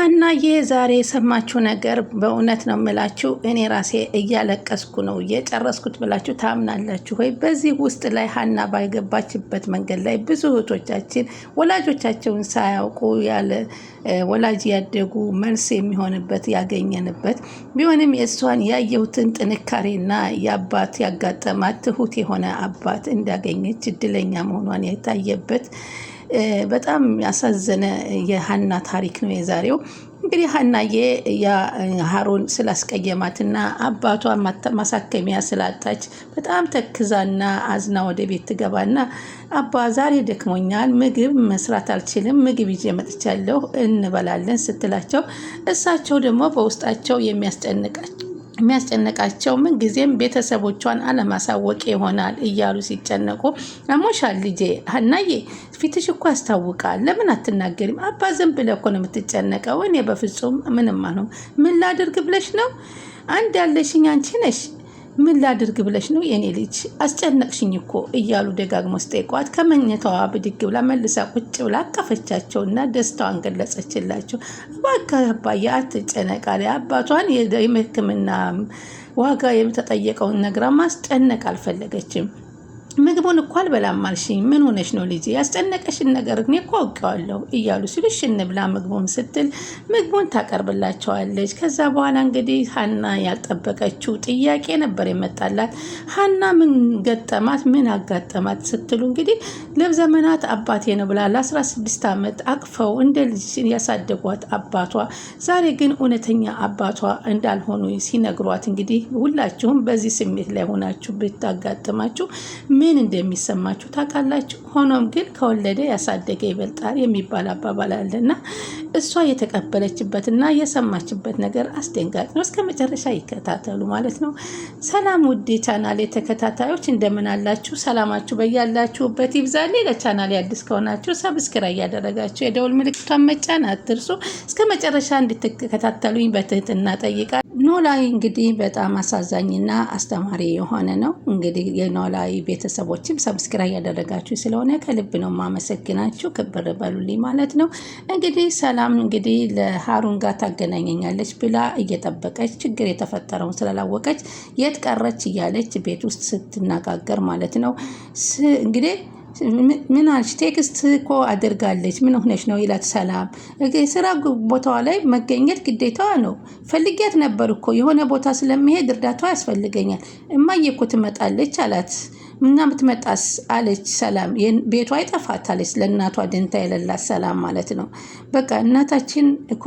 ሀናዬ ዛሬ የሰማችው ነገር በእውነት ነው የምላችሁ፣ እኔ ራሴ እያለቀስኩ ነው የጨረስኩት ብላችሁ ታምናላችሁ ወይ? በዚህ ውስጥ ላይ ሀና ባይገባችበት መንገድ ላይ ብዙ እህቶቻችን ወላጆቻቸውን ሳያውቁ ያለ ወላጅ ያደጉ መልስ የሚሆንበት ያገኘንበት ቢሆንም የእሷን ያየሁትን ጥንካሬና የአባት ያጋጠማት ትሁት የሆነ አባት እንዳገኘች እድለኛ መሆኗን የታየበት በጣም ያሳዘነ የሀና ታሪክ ነው የዛሬው። እንግዲህ ሀናዬ ሀሩን ስላስቀየማትና አባቷ ማሳከሚያ ስላጣች በጣም ተክዛና አዝና ወደ ቤት ትገባና አባ ዛሬ ደክሞኛል፣ ምግብ መስራት አልችልም፣ ምግብ ይዤ መጥቻለሁ እንበላለን ስትላቸው እሳቸው ደግሞ በውስጣቸው የሚያስጨንቃቸው የሚያስጨንቃቸው ምን ጊዜም ቤተሰቦቿን አለማሳወቅ ይሆናል እያሉ ሲጨነቁ፣ አሞሻል ልጄ ሀናዬ፣ ፊትሽ እኮ ያስታውቃል። ለምን አትናገሪም? አባ ዝም ብለህ እኮ ነው የምትጨነቀው። እኔ በፍጹም ምንም አልሆንም። ምን ላድርግ ብለሽ ነው? አንድ ያለሽኝ አንቺ ነሽ። ምን ላድርግ ብለሽ ነው የኔ ልጅ አስጨነቅሽኝ እኮ እያሉ ደጋግሞ ስጠይቋት ከመኝታዋ ብድግ ብላ መልሳ ቁጭ ብላ አቀፈቻቸውና ደስታዋን ገለጸችላቸው። እባክህ አባዬ አትጨነቅ አባቷን የሕክምና ዋጋ የተጠየቀውን ነግራ ማስጨነቅ አልፈለገችም። ምግቡን እኮ አልበላም አልሽኝ። ምን ሆነሽ ነው ልጄ? ያስጨነቀሽን ነገር እኔ እኮ አውቀዋለሁ እያሉ ሲሉ እሺ እንብላ ምግቡን ስትል ምግቡን ታቀርብላቸዋለች። ከዛ በኋላ እንግዲህ ሀና ያልጠበቀችው ጥያቄ ነበር የመጣላት። ሀና ምን ገጠማት? ምን አጋጠማት ስትሉ እንግዲህ ለዘመናት አባቴ ነው ብላ ለ16 ዓመት አቅፈው እንደ ልጅ ያሳደጓት አባቷ ዛሬ ግን እውነተኛ አባቷ እንዳልሆኑ ሲነግሯት እንግዲህ ሁላችሁም በዚህ ስሜት ላይ ሆናችሁ ብታጋጥማችሁ ምን እንደሚሰማችሁ ታውቃላችሁ። ሆኖም ግን ከወለደ ያሳደገ ይበልጣል የሚባል አባባል አለ እሷ የተቀበለችበትና የሰማችበት ነገር አስደንጋጭ ነው። እስከ መጨረሻ ይከታተሉ ማለት ነው። ሰላም ውድ ቻናል ተከታታዮች እንደምን አላችሁ? ሰላማችሁ በያላችሁበት ይብዛል። ለቻናል አዲስ ከሆናችሁ ሰብስክራ እያደረጋችሁ የደውል ምልክቷን መጫን አትርሱ። እስከ መጨረሻ እንድትከታተሉኝ በትህትና ጠይቃል። ኖላዊ እንግዲህ በጣም አሳዛኝና አስተማሪ የሆነ ነው። እንግዲህ የኖላዊ ቤተሰቦችም ሰብስክራይብ ያደረጋችሁ ስለሆነ ከልብ ነው ማመሰግናችሁ። ክብር በሉልኝ ማለት ነው። እንግዲህ ሰላም እንግዲህ ለሀሩን ጋር ታገናኘኛለች ብላ እየጠበቀች ችግር የተፈጠረውን ስላላወቀች የት ቀረች እያለች ቤት ውስጥ ስትነጋገር ማለት ነው እንግዲህ ምን አልሽ? ቴክስት እኮ አድርጋለች። ምን ሆነች ነው ይላት ሰላም። ስራ ቦታዋ ላይ መገኘት ግዴታዋ ነው። ፈልጊያት ነበር እኮ የሆነ ቦታ ስለሚሄድ እርዳታ ያስፈልገኛል። እማዬ እኮ ትመጣለች አላት። እና ምትመጣስ አለች ሰላም። ቤቷ አለች። ለእናቷ ደንታ የሌላት ሰላም ማለት ነው። በቃ እናታችን እኮ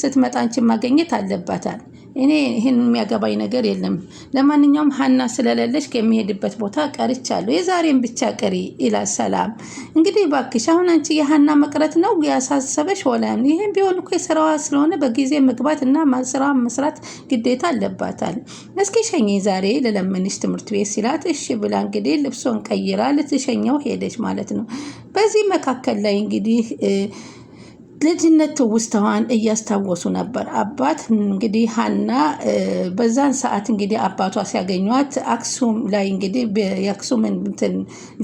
ስትመጣ አንቺን ማገኘት አለባታል እኔ ይህን የሚያገባኝ ነገር የለም። ለማንኛውም ሀና ስለሌለች ከሚሄድበት ቦታ ቀርቻለሁ፣ የዛሬን ብቻ ቅሪ ይላል ሰላም። እንግዲህ እባክሽ አሁን አንቺ የሀና መቅረት ነው ያሳሰበሽ? ወላም ይህም ቢሆን እኮ የስራዋ ስለሆነ በጊዜ መግባት እና ስራዋን መስራት ግዴታ አለባታል። እስኪ ሸኘኝ ዛሬ ልለምንሽ ትምህርት ቤት ሲላት እሺ ብላ እንግዲህ ልብሶን ቀይራ ልትሸኘው ሄደች ማለት ነው። በዚህ መካከል ላይ እንግዲህ ልጅነት ትውስታዋን እያስታወሱ ነበር። አባት እንግዲህ ሀና በዛን ሰዓት እንግዲህ አባቷ ሲያገኟት አክሱም ላይ እንግዲህ የአክሱም እንትን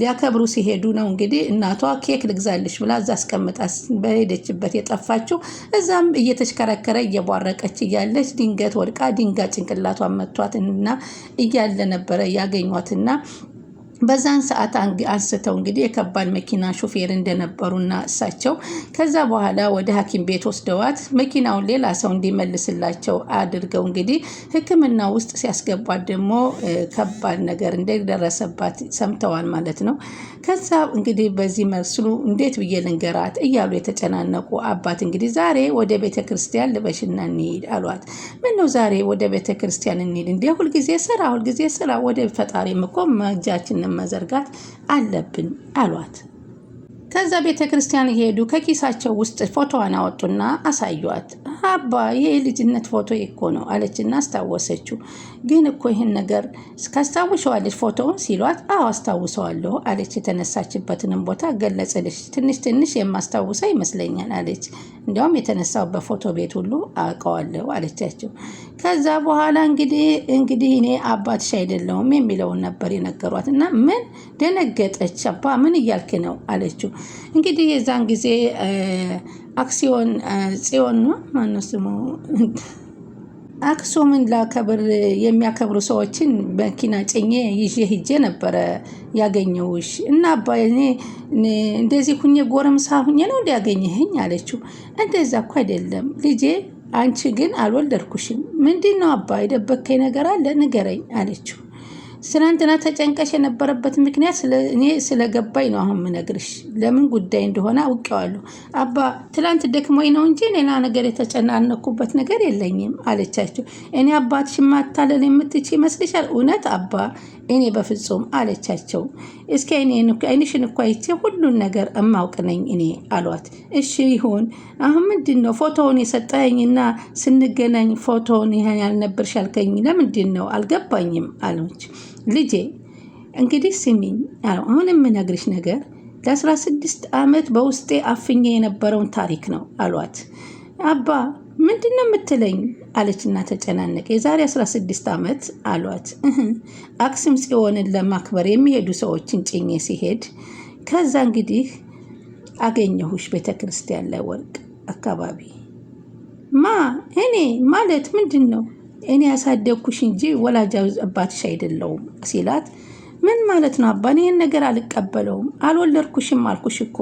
ሊያከብሩ ሲሄዱ ነው እንግዲህ እናቷ ኬክ ልግዛልሽ ብላ እዛ አስቀምጣ በሄደችበት የጠፋችው። እዛም እየተሽከረከረ እየቧረቀች እያለች ድንገት ወድቃ ድንጋ ጭንቅላቷን መቷት እና እያለ ነበረ እና በዛን ሰዓት አንስተው እንግዲህ የከባድ መኪና ሹፌር እንደነበሩና እሳቸው ከዛ በኋላ ወደ ሐኪም ቤት ወስደዋት መኪናውን ሌላ ሰው እንዲመልስላቸው አድርገው እንግዲህ ሕክምና ውስጥ ሲያስገቧት ደግሞ ከባድ ነገር እንደደረሰባት ሰምተዋል ማለት ነው። ከዛ እንግዲህ በዚህ መስሉ እንዴት ብዬ ልንገራት እያሉ የተጨናነቁ አባት እንግዲህ ዛሬ ወደ ቤተ ክርስቲያን ልበሽና እንሄድ አሏት። ምነው ዛሬ ወደ ቤተ ክርስቲያን እንሄድ እንዲ ሁልጊዜ ስራ ሁልጊዜ ስራ፣ ወደ ፈጣሪም እኮ መጃችንን መዘርጋት አለብን አሏት። ከዛ ቤተ ክርስቲያን እየሄዱ ከኪሳቸው ውስጥ ፎቶዋን አወጡና አሳዩዋት። አባ ይሄ ልጅነት ፎቶ እኮ ነው አለችና አስታወሰችው። ግን እኮ ይህን ነገር ካስታውሸዋለች ፎቶውን ሲሏት፣ አዎ አስታውሰዋለሁ አለች። የተነሳችበትንም ቦታ ገለጸልች። ትንሽ ትንሽ የማስታውሳ ይመስለኛል አለች። እንዲያውም የተነሳሁበት ፎቶ ቤት ሁሉ አውቀዋለሁ አለቻቸው። ከዛ በኋላ እንግዲህ እንግዲህ እኔ አባትሽ አይደለሁም የሚለውን ነበር የነገሯት እና ምን ደነገጠች። አባ ምን እያልክ ነው አለችው። እንግዲህ የዛን ጊዜ አክሲዮን ጽዮን ነው ማነው ስሙ አክሱምን ላከብር የሚያከብሩ ሰዎችን መኪና ጭኜ ይዤ ሂጄ ነበረ ያገኘውሽ እና አባ እኔ እንደዚህ ሁኜ ጎረምሳ ሁኜ ነው እንዲያገኘህኝ አለችው። እንደዛ እኮ አይደለም ልጄ፣ አንቺ ግን አልወለድኩሽም። ምንድን ነው አባ የደበከኝ ነገር አለ ንገረኝ አለችው። ትናንትና ተጨንቀሽ የነበረበት ምክንያት እኔ ስለገባኝ ነው አሁን ምነግርሽ። ለምን ጉዳይ እንደሆነ አውቄዋለሁ። አባ ትላንት ደክሞኝ ነው እንጂ ሌላ ነገር የተጨናነኩበት ነገር የለኝም አለቻቸው። እኔ አባትሽ ማታለል የምትች ይመስልሻል? እውነት አባ እኔ በፍጹም አለቻቸው። እስኪ አይንሽን እኮ አይቼ ሁሉን ነገር እማውቅ ነኝ እኔ አሏት። እሺ ይሁን። አሁን ምንድን ነው ፎቶውን የሰጠኝና ስንገናኝ ፎቶውን ያልነበር ሻልከኝ ለምንድን ነው አልገባኝም አለች። ልጄ እንግዲህ ስሚኝ፣ አሁን የምነግርሽ ነገር ለ16 ዓመት በውስጤ አፍኜ የነበረውን ታሪክ ነው አሏት። አባ ምንድን ነው የምትለኝ አለችና ተጨናነቀ። የዛሬ 16 ዓመት አሏት። አክሱም ጽዮንን ለማክበር የሚሄዱ ሰዎችን ጭኜ ሲሄድ ከዛ እንግዲህ አገኘሁሽ ቤተ ክርስቲያን ላይ ወርቅ አካባቢ ማ እኔ ማለት ምንድን ነው እኔ ያሳደግኩሽ እንጂ ወላጅ አባትሽ አይደለሁም ሲላት ምን ማለት ነው አባ? ይህን ነገር አልቀበለውም። አልወለድኩሽም አልኩሽ እኮ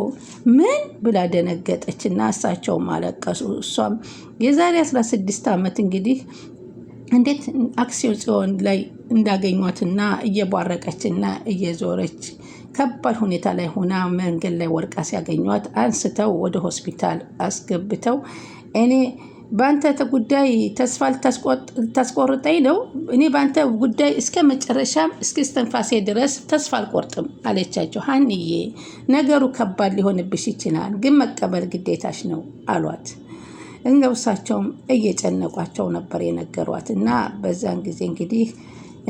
ምን ብላ ደነገጠች እና እሳቸውም አለቀሱ። እሷም የዛሬ 16 ዓመት እንግዲህ እንዴት አክሲዮን ጽዮን ላይ እንዳገኟትና እየቧረቀችና እየዞረች ከባድ ሁኔታ ላይ ሆና መንገድ ላይ ወድቃ ሲያገኟት አንስተው ወደ ሆስፒታል አስገብተው እኔ በአንተ ጉዳይ ተስፋ ልታስቆርጠኝ ነው? እኔ በአንተ ጉዳይ እስከ መጨረሻም እስከ እስትንፋሴ ድረስ ተስፋ አልቆርጥም አለቻቸው። ሀንዬ ነገሩ ከባድ ሊሆንብሽ ይችላል፣ ግን መቀበል ግዴታሽ ነው አሏት። እንገብሳቸውም እየጨነቋቸው ነበር የነገሯት እና በዛን ጊዜ እንግዲህ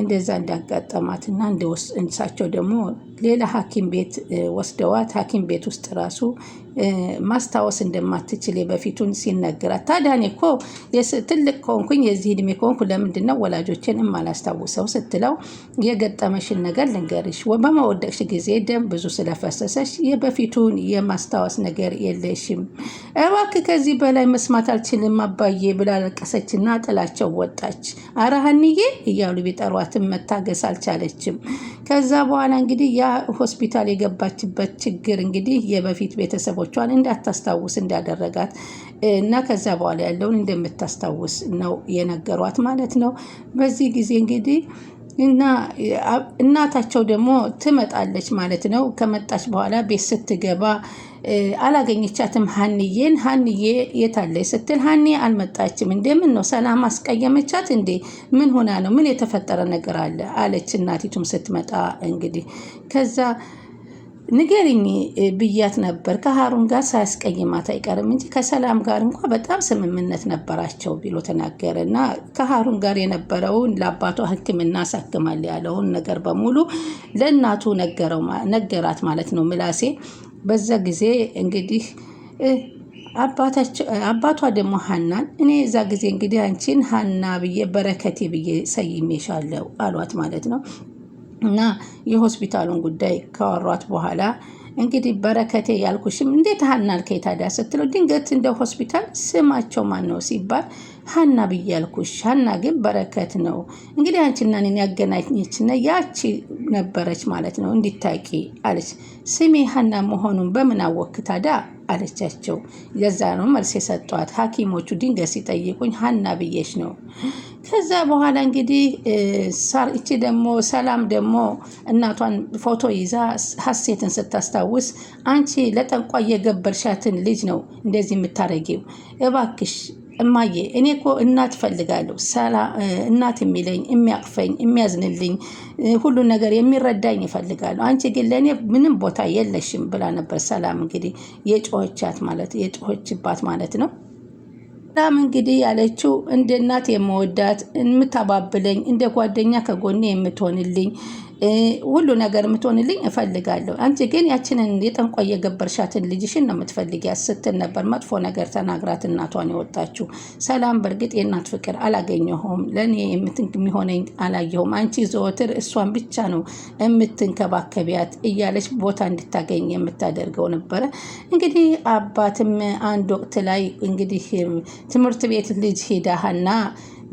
እንደዛ እንዳጋጠማት እና እንሳቸው ደግሞ ሌላ ሐኪም ቤት ወስደዋት ሐኪም ቤት ውስጥ ራሱ ማስታወስ እንደማትችል የበፊቱን ሲነገራት፣ ታዲያ እኔ እኮ ትልቅ ከሆንኩኝ የዚህ ዕድሜ ከሆንኩ ለምንድን ነው ወላጆችን የማላስታውሰው ስትለው የገጠመሽን ነገር ልንገርሽ፣ በመወደቅሽ ጊዜ ደም ብዙ ስለፈሰሰሽ የበፊቱን የማስታወስ ነገር የለሽም። እባክህ ከዚህ በላይ መስማት አልችልም አባዬ ብላ ለቀሰችና ጥላቸው ወጣች። አረሃንዬ እያሉ ቢጠሯትም መታገስ አልቻለችም። ከዛ በኋላ እንግዲህ ያ ሆስፒታል የገባችበት ችግር እንግዲህ የበፊት ቤተሰቦቿን እንዳታስታውስ እንዳደረጋት እና ከዛ በኋላ ያለውን እንደምታስታውስ ነው የነገሯት ማለት ነው። በዚህ ጊዜ እንግዲህ እና እናታቸው ደግሞ ትመጣለች ማለት ነው። ከመጣች በኋላ ቤት ስትገባ አላገኘቻትም ሀንዬን። ሀንዬ የታለች ስትል ሀኒ አልመጣችም እንዴ? ምን ነው ሰላም አስቀየመቻት እንዴ? ምን ሆና ነው? ምን የተፈጠረ ነገር አለ? አለች እናቲቱም ስትመጣ እንግዲህ ከዛ ንገሪኝ ብያት ነበር ከሀሩን ጋር ሳያስቀይማት አይቀርም እንጂ ከሰላም ጋር እንኳ በጣም ስምምነት ነበራቸው ብሎ ተናገረ እና ከሀሩን ጋር የነበረውን ለአባቷ ሕክምና አሳክማል ያለውን ነገር በሙሉ ለእናቱ ነገራት ማለት ነው ምላሴ በዛ ጊዜ እንግዲህ አባቷ ደግሞ ሀናን እኔ እዛ ጊዜ እንግዲህ አንቺን ሀና ብዬ በረከቴ ብዬ ሰይሜሻለሁ አሏት ማለት ነው። እና የሆስፒታሉን ጉዳይ ካወሯት በኋላ እንግዲህ በረከቴ ያልኩሽም እንዴት ሀና አልከኝ ታዲያ ስትለው ድንገት እንደ ሆስፒታል ስማቸው ማን ነው ሲባል ሀና ብዬ ያልኩሽ ሀና ግን በረከት ነው። እንግዲህ አንቺና እኔን ያገናኘችና ያቺ ነበረች ማለት ነው እንዲታቂ አለች። ስሜ ሀና መሆኑን በምን አወክ ታዳ አለቻቸው። የዛ ነው መልስ የሰጧት። ሐኪሞቹ ድንገት ሲጠይቁኝ ሀና ብዬሽ ነው። ከዛ በኋላ እንግዲህ እቺ ደግሞ ሰላም ደግሞ እናቷን ፎቶ ይዛ ሀሴትን ስታስታውስ አንቺ ለጠንቋ የገበርሻትን ልጅ ነው እንደዚህ የምታረጊው እባክሽ እማዬ እኔ እኮ እናት ፈልጋለሁ እናት የሚለኝ የሚያቅፈኝ፣ የሚያዝንልኝ፣ ሁሉን ነገር የሚረዳኝ ይፈልጋሉ አንቺ ግን ለእኔ ምንም ቦታ የለሽም ብላ ነበር ሰላም እንግዲህ የጮኸቻት ማለት የጮኸችባት ማለት ነው። ሰላም እንግዲህ ያለችው እንደ እናት የምወዳት የምታባብለኝ፣ እንደ ጓደኛ ከጎኔ የምትሆንልኝ ሁሉ ነገር የምትሆንልኝ እፈልጋለሁ። አንቺ ግን ያችንን የጠንቋይ የገበርሻትን ልጅሽን ነው የምትፈልጊያት ስትል ነበር መጥፎ ነገር ተናግራት እናቷን የወጣችው። ሰላም በእርግጥ የእናት ፍቅር አላገኘሁም፣ ለእኔ የሚሆነኝ አላየሁም። አንቺ ዘወትር እሷን ብቻ ነው የምትንከባከቢያት እያለች ቦታ እንድታገኝ የምታደርገው ነበረ። እንግዲህ አባትም አንድ ወቅት ላይ እንግዲህ ትምህርት ቤት ልጅ ሄዳሃና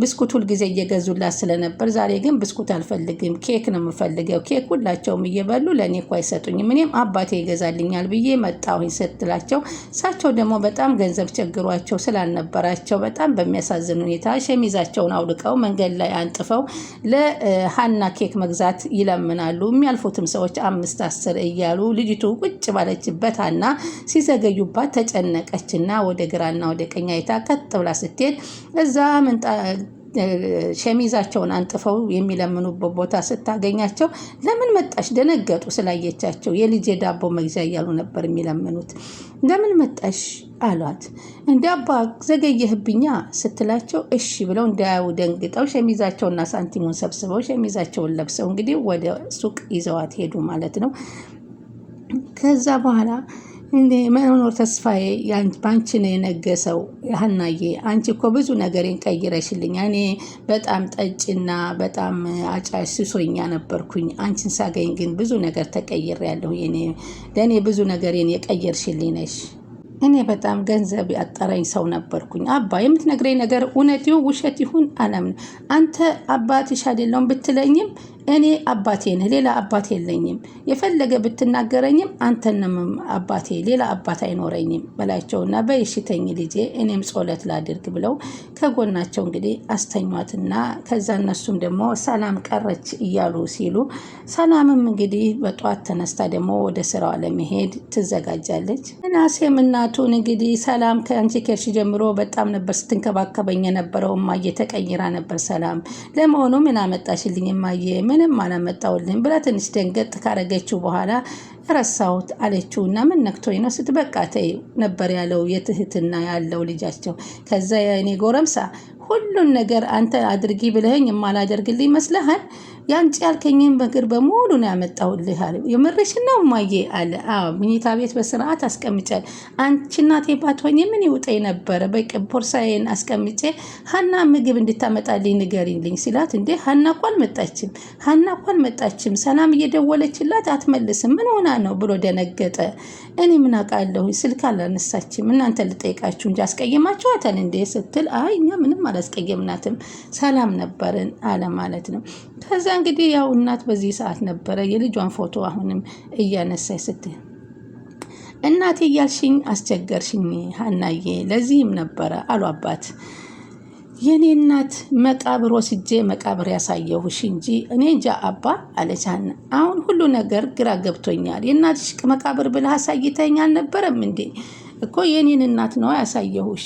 ብስኩት ሁልጊዜ እየገዙላት ስለነበር ዛሬ ግን ብስኩት አልፈልግም፣ ኬክ ነው የምፈልገው። ኬክ ሁላቸውም እየበሉ ለእኔ እኮ አይሰጡኝም፣ እኔም አባቴ ይገዛልኛል ብዬ መጣሁኝ ስትላቸው እሳቸው ደግሞ በጣም ገንዘብ ቸግሯቸው ስላልነበራቸው በጣም በሚያሳዝን ሁኔታ ሸሚዛቸውን አውልቀው መንገድ ላይ አንጥፈው ለሀና ኬክ መግዛት ይለምናሉ። የሚያልፉትም ሰዎች አምስት አስር እያሉ ልጅቱ ቁጭ ባለችበት ሀና ሲዘገዩባት ተጨነቀችና ወደ ግራና ወደ ቀኝ አይታ ቀጥ ብላ ስትሄድ እዛ ሸሚዛቸውን አንጥፈው የሚለምኑበት ቦታ ስታገኛቸው ለምን መጣሽ? ደነገጡ ስላየቻቸው። የልጅ ዳቦ መግዣ እያሉ ነበር የሚለምኑት። ለምን መጣሽ አሏት። እንደ አባ ዘገየህብኛ ስትላቸው እሺ ብለው እንዳያዩ ደንግጠው ሸሚዛቸውና ሳንቲሙን ሰብስበው ሸሚዛቸውን ለብሰው እንግዲህ ወደ ሱቅ ይዘዋት ሄዱ ማለት ነው። ከዛ በኋላ እንዴ መኖር ተስፋዬ በአንቺ ነው የነገሰው። ሀናዬ አንቺ እኮ ብዙ ነገሬን ቀይረሽልኝ። እኔ በጣም ጠጭና በጣም አጫሽ ሱሰኛ ነበርኩኝ። አንቺን ሳገኝ ግን ብዙ ነገር ተቀይሬያለሁ። ለእኔ ብዙ ነገሬን የቀየርሽልኝ ነሽ። እኔ በጣም ገንዘብ ያጠረኝ ሰው ነበርኩኝ። አባ የምትነግረኝ ነገር እውነት ይሁን ውሸት ይሁን አለምን አንተ አባትሽ አይደለሁም ብትለኝም እኔ አባቴ ነህ፣ ሌላ አባት የለኝም። የፈለገ ብትናገረኝም አንተንም አባቴ፣ ሌላ አባት አይኖረኝም በላቸውና በየሽተኝ ልጄ፣ እኔም ጾለት ላድርግ ብለው ከጎናቸው እንግዲህ አስተኟትና ከዛ እነሱም ደግሞ ሰላም ቀረች እያሉ ሲሉ ሰላምም እንግዲህ በጠዋት ተነስታ ደግሞ ወደ ስራዋ ለመሄድ ትዘጋጃለች። ምናሴም እናቱን እንግዲህ ሰላም ከአንቺ ከርሽ ጀምሮ በጣም ነበር ስትንከባከበኝ የነበረው እማዬ፣ ተቀይራ ነበር ሰላም። ለመሆኑ ምን አመጣሽልኝ እማዬ ምንም አላመጣውልኝ ብላ ትንሽ ደንገጥ ካረገችው በኋላ ረሳሁት አለችው እና ምን ነክቶኝ ነው ስት በቃ ተይ ነበር ያለው የትህትና ያለው ልጃቸው። ከዛ የኔ ጎረምሳ ሁሉን ነገር አንተ አድርጊ ብለኸኝ የማላደርግልኝ ይመስልሃል? ያንጭ ያልከኝን በግር በሙሉ ነው ያመጣውልህ አለ። የምርሽን ነው ማዬ አለ። ምኝታ ቤት በስርዓት አስቀምጫል። አንቺ እናቴ ባትሆኝ ምን ይውጠኝ ነበረ? በቂ ቦርሳዬን አስቀምጬ ሀና ምግብ እንድታመጣልኝ ንገሪልኝ ሲላት፣ እንዴ ሀና እኮ አልመጣችም፣ ሀና እኮ አልመጣችም፣ ሰላም እየደወለችላት አትመልስም፣ ምን ሆና ነው ብሎ ደነገጠ። እኔ ምን አውቃለሁኝ ስልክ አላነሳችም፣ እናንተ ልጠይቃችሁ እንጂ አስቀየማችኋታል እንዴ ስትል፣ አይ እኛ ምንም አላስቀየምናትም ሰላም ነበርን አለ ማለት ነው። ከዛ እንግዲህ ያው እናት በዚህ ሰዓት ነበረ የልጇን ፎቶ አሁንም እያነሳች ስት እናቴ እያልሽኝ አስቸገርሽኝ ሀናዬ፣ ለዚህም ነበረ አሉ አባት። የእኔ እናት መቃብር ወስጄ መቃብር ያሳየሁሽ እንጂ እኔ እንጃ አባ አለች ሀና። አሁን ሁሉ ነገር ግራ ገብቶኛል። የእናትሽ መቃብር ብለህ አሳይተኝ አልነበረም እንዴ? እኮ የኔን እናት ነው ያሳየሁሽ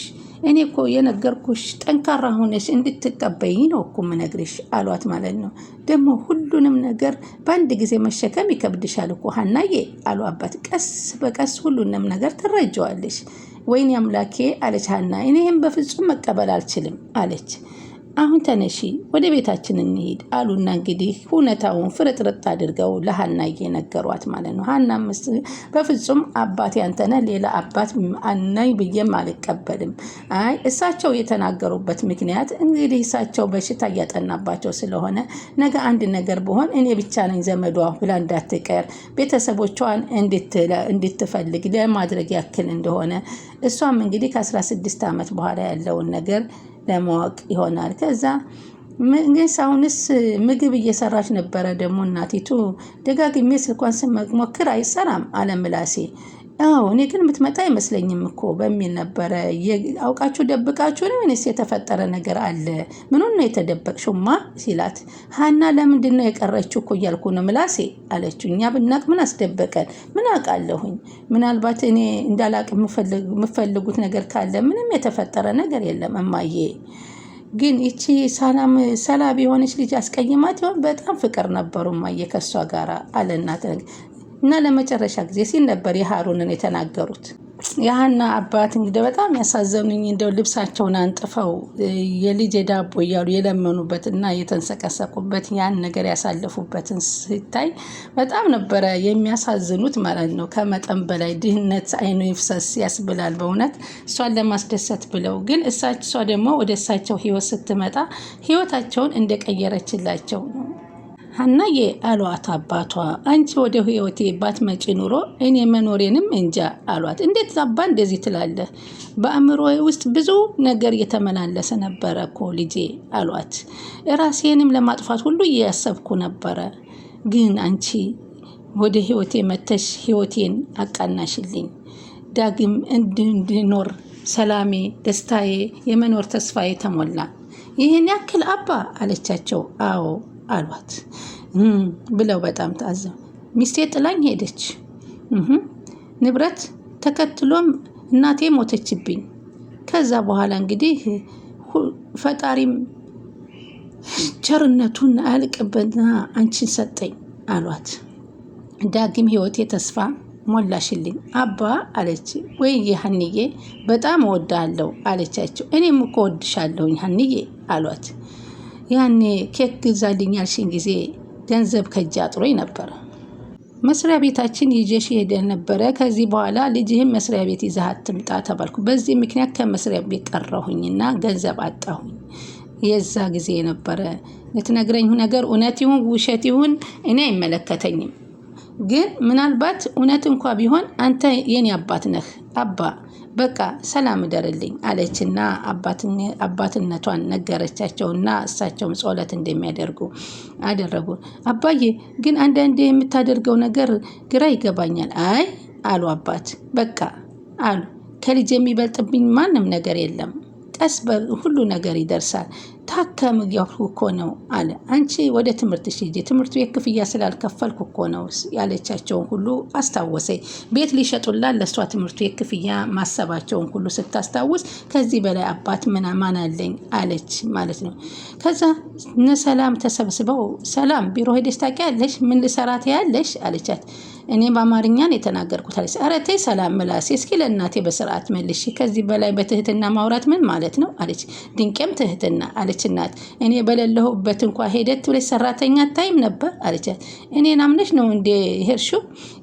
እኔ እኮ የነገርኩሽ ጠንካራ ሆነሽ እንድትቀበይ ነው እኮ የምነግርሽ አሏት ማለት ነው። ደግሞ ሁሉንም ነገር በአንድ ጊዜ መሸከም ይከብድሻል እኮ ሀናዬ አሉ አባት። ቀስ በቀስ ሁሉንም ነገር ትረጀዋለሽ። ወይኔ አምላኬ አለች ሀና፣ እኔ ይህም በፍጹም መቀበል አልችልም አለች። አሁን ተነሺ ወደ ቤታችን እንሄድ አሉና እንግዲህ እውነታውን ፍርጥርት አድርገው ለሀና እየነገሯት ማለት ነው። ሀና በፍጹም አባት ያንተነ ሌላ አባት አናኝ ብዬም አልቀበልም። አይ እሳቸው የተናገሩበት ምክንያት እንግዲህ እሳቸው በሽታ እያጠናባቸው ስለሆነ ነገ አንድ ነገር ብሆን እኔ ብቻ ነኝ ዘመዷ ብላ እንዳትቀር ቤተሰቦቿን እንድትፈልግ ለማድረግ ያክል እንደሆነ እሷም እንግዲህ ከ16 ዓመት በኋላ ያለውን ነገር ለማወቅ ይሆናል። ከዛ አሁንስ ምግብ እየሰራች ነበረ ደግሞ እናቲቱ ደጋግሜ ስልኳን ስሞክር አይሰራም አለ ምላሴ አዎ እኔ ግን የምትመጣ አይመስለኝም እኮ በሚል ነበረ አውቃችሁ ደብቃችሁ ነው ወይስ የተፈጠረ ነገር አለ? ምኑ ነው የተደበቅሽውማ ሲላት ሀና ለምንድነው የቀረችው እኮ እያልኩ ነው ምላሴ አለችው። እኛ ብናቅ ምን አስደበቀን? ምን አውቃለሁኝ። ምናልባት እኔ እንዳላቅ የምፈልጉት ነገር ካለ ምንም የተፈጠረ ነገር የለም እማዬ ግን ይቺ ሰላም ሰላም የሆነች ልጅ አስቀይማት ይሆን? በጣም ፍቅር ነበሩ እማዬ ከእሷ ጋር አለናት። እና ለመጨረሻ ጊዜ ሲል ነበር የሀሩንን የተናገሩት። የሀና አባት እንግዲህ በጣም ያሳዘኑኝ እንደው ልብሳቸውን አንጥፈው የልጅ የዳቦ እያሉ የለመኑበት እና የተንሰቀሰቁበት ያን ነገር ያሳለፉበትን ሲታይ በጣም ነበረ የሚያሳዝኑት ማለት ነው። ከመጠን በላይ ድህነት አይኑ ይፍሰስ ያስብላል በእውነት እሷን ለማስደሰት ብለው ግን እሷ ደግሞ ወደ እሳቸው ህይወት ስትመጣ ህይወታቸውን እንደቀየረችላቸው ነው ሀናዬ አሏት አባቷ። አንቺ ወደ ህይወቴ ባትመጪ ኑሮ እኔ መኖሬንም እንጃ አሏት። እንዴት አባ እንደዚህ ትላለህ? በአእምሮ ውስጥ ብዙ ነገር እየተመላለሰ ነበረ እኮ ልጄ አሏት። እራሴንም ለማጥፋት ሁሉ እያሰብኩ ነበረ፣ ግን አንቺ ወደ ህይወቴ መተሽ ህይወቴን አቃናሽልኝ። ዳግም እንድኖር ሰላሜ፣ ደስታዬ፣ የመኖር ተስፋዬ ተሞላ። ይህን ያክል አባ አለቻቸው። አዎ አሏት ብለው በጣም ታዘብ። ሚስቴ ጥላኝ ሄደች። ንብረት ተከትሎም እናቴ ሞተችብኝ። ከዛ በኋላ እንግዲህ ፈጣሪም ቸርነቱን አያልቅበትና አንቺን ሰጠኝ አሏት። ዳግም ህይወቴ ተስፋ ሞላሽልኝ አባ አለች። ወይ ሀንዬ በጣም እወዳለሁ አለቻቸው። እኔም እኮ እወድሻለሁኝ ሀንዬ አሏት። ያኔ ኬክ ግዛልኝ ያልሽኝ ጊዜ ገንዘብ ከእጅ አጥሮኝ ነበረ። መስሪያ ቤታችን ይዤሽ ሄደ ነበረ። ከዚህ በኋላ ልጅህን መስሪያ ቤት ይዘህ አትምጣ ተባልኩ። በዚህ ምክንያት ከመስሪያ ቤት ቀረሁኝና ገንዘብ አጣሁኝ። የዛ ጊዜ ነበረ የትነግረኝ ነገር እውነት ይሁን ውሸት ይሁን እኔ አይመለከተኝም። ግን ምናልባት እውነት እንኳ ቢሆን አንተ የኔ አባት ነህ አባ በቃ ሰላም እደርልኝ አለችና አባትነቷን ነገረቻቸውና እሳቸውም ጸሎት እንደሚያደርጉ አደረጉ። አባዬ ግን አንዳንዴ የምታደርገው ነገር ግራ ይገባኛል። አይ አሉ አባት። በቃ አሉ ከልጅ የሚበልጥብኝ ማንም ነገር የለም። ቀስ ሁሉ ነገር ይደርሳል ታከም እያልኩ እኮ ነው አለ። አንቺ ወደ ትምህርትሽ ሂጂ፣ ትምህርት ቤት ክፍያ ስላልከፈልኩ እኮ ነው ያለቻቸውን ሁሉ አስታወሰኝ። ቤት ሊሸጡላት ለእሷ ትምህርት ቤት ክፍያ ማሰባቸውን ሁሉ ስታስታውስ ከዚህ በላይ አባት ምናማን አለኝ አለች ማለት ነው። ከዛ እነ ሰላም ተሰብስበው ሰላም ቢሮ ሄደሽ ታውቂያለሽ? ምን ልሰራት ያለሽ አለቻት። እኔ በአማርኛ ነው የተናገርኩት አለች። ኧረ ተይ ሰላም ምላሴ፣ እስኪ ለእናቴ በስርዓት መልሽ። ከዚህ በላይ በትህትና ማውራት ምን ማለት ነው አለች። ድንቄም ትህትና አለች። አለች እናት። እኔ በሌለሁበት እንኳ ሄደት ብለሽ ሰራተኛ አታይም ነበር አለቻት። እኔ ናምነሽ ነው እንደ ሄድሽው?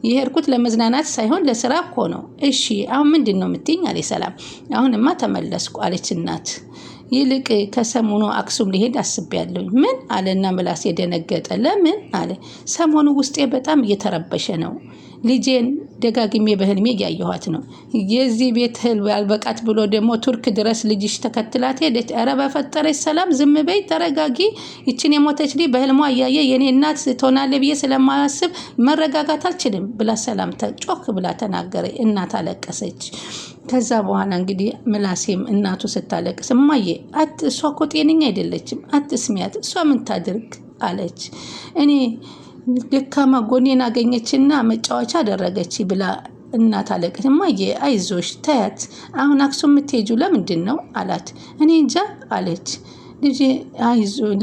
የሄድኩት ለመዝናናት ሳይሆን ለስራ እኮ ነው። እሺ አሁን ምንድን ነው የምትይኝ? አለ ሰላም። አሁንማ ተመለስኩ አለች እናት። ይልቅ ከሰሞኑ አክሱም ሊሄድ አስቤያለሁ። ምን አለና ምላስ የደነገጠ ለምን አለ። ሰሞኑ ውስጤ በጣም እየተረበሸ ነው ልጄን ደጋግሜ በህልሜ እያየኋት ነው። የዚህ ቤት ህልም ያልበቃት ብሎ ደግሞ ቱርክ ድረስ ልጅሽ ተከትላት ሄደች። ኧረ በፈጠረች ሰላም ዝም በይ፣ ተረጋጊ። ይችን የሞተች ልጅ በህልሟ እያየ የኔ እናት ትሆናለች ብዬ ስለማያስብ መረጋጋት አልችልም ብላ ሰላም ጮክ ብላ ተናገረ። እናት አለቀሰች። ከዛ በኋላ እንግዲህ ምላሴም እናቱ ስታለቅስ እማዬ እሷ እኮ ጤነኛ አይደለችም፣ አትስሚያት፣ እሷ ምን ታድርግ አለች እኔ ደካማ ጎኔን አገኘችና መጫወቻ አደረገች ብላ እናት አለቀች። እማዬ አይዞሽ ተያት፣ አሁን አክሱም የምትሄጁ ለምንድን ነው አላት። እኔ እንጃ አለች።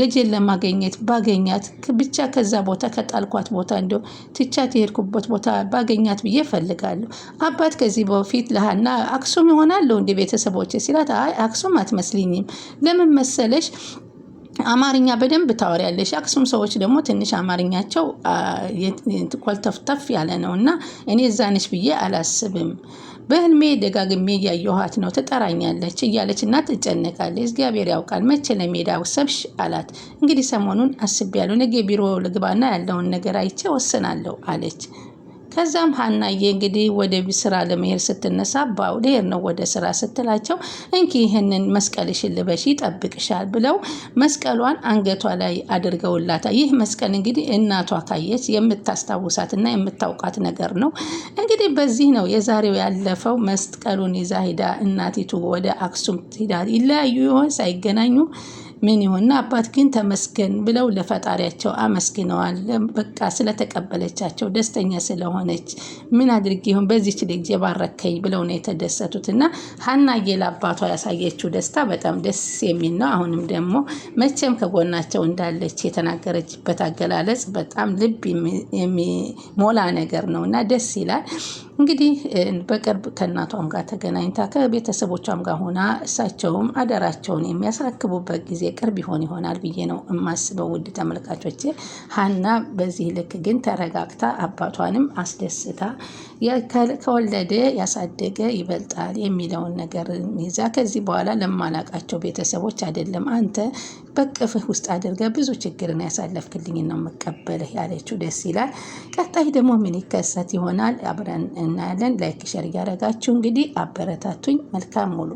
ልጄን ለማገኘት ባገኛት ብቻ ከዛ ቦታ ከጣልኳት ቦታ እንዲያው ትቻት የሄድኩበት ቦታ ባገኛት ብዬ እፈልጋለሁ። አባት ከዚህ በፊት ለሀና አክሱም ይሆናለሁ እንደ ቤተሰቦች ሲላት፣ አይ አክሱም አትመስልኝም ለምን መሰለሽ አማርኛ በደንብ ታወሪያለሽ። አክሱም ሰዎች ደግሞ ትንሽ አማርኛቸው ኮልተፍተፍ ያለ ነው እና እኔ እዛንሽ ብዬ አላስብም። በህልሜ ደጋግሜ እያየኋት ነው፣ ትጠራኛለች እያለች እና ትጨነቃለች። እግዚአብሔር ያውቃል መቼ ለሜዳ ወሰብሽ አላት። እንግዲህ ሰሞኑን አስቤያለሁ፣ ነገ ቢሮ ልግባና ያለውን ነገር አይቼ ወስናለሁ አለች። ከዛም ሀናዬ እንግዲህ ወደ ስራ ለመሄድ ስትነሳ ልሄድ ነው ወደ ስራ ስትላቸው እንኪ ይህንን መስቀልሽን ልበሺ ይጠብቅሻል ብለው መስቀሏን አንገቷ ላይ አድርገውላታል። ይህ መስቀል እንግዲህ እናቷ ካየች የምታስታውሳትና የምታውቃት ነገር ነው። እንግዲህ በዚህ ነው የዛሬው ያለፈው። መስቀሉን ይዛ ሂዳ እናቲቱ ወደ አክሱም ሂዳ ይለያዩ ይሆን ሳይገናኙ ምን ይሆንና አባት ግን ተመስገን ብለው ለፈጣሪያቸው አመስግነዋል። በቃ ስለተቀበለቻቸው ደስተኛ ስለሆነች ምን አድርጌ ይሁን በዚች ልጅ የባረከኝ ብለው ነው የተደሰቱት። እና ሀናዬ ለአባቷ ያሳየችው ደስታ በጣም ደስ የሚል ነው። አሁንም ደግሞ መቼም ከጎናቸው እንዳለች የተናገረችበት አገላለጽ በጣም ልብ የሚሞላ ነገር ነው እና ደስ ይላል። እንግዲህ በቅርብ ከእናቷም ጋር ተገናኝታ ከቤተሰቦቿም ጋር ሆና እሳቸውም አደራቸውን የሚያስረክቡበት ጊዜ የቅርብ ይሆን ይሆናል ብዬ ነው የማስበው። ውድ ተመልካቾቼ ሀና በዚህ ልክ ግን ተረጋግታ አባቷንም አስደስታ ከወለደ ያሳደገ ይበልጣል የሚለውን ነገር ይዛ ከዚህ በኋላ ለማላቃቸው ቤተሰቦች አይደለም አንተ በቅፍህ ውስጥ አድርገ ብዙ ችግርን ያሳለፍክልኝ ነው መቀበልህ ያለችው ደስ ይላል። ቀጣይ ደግሞ ምን ይከሰት ይሆናል አብረን እናያለን። ላይክ ሸር እያደረጋችሁ እንግዲህ አበረታቱኝ። መልካም ሙሉ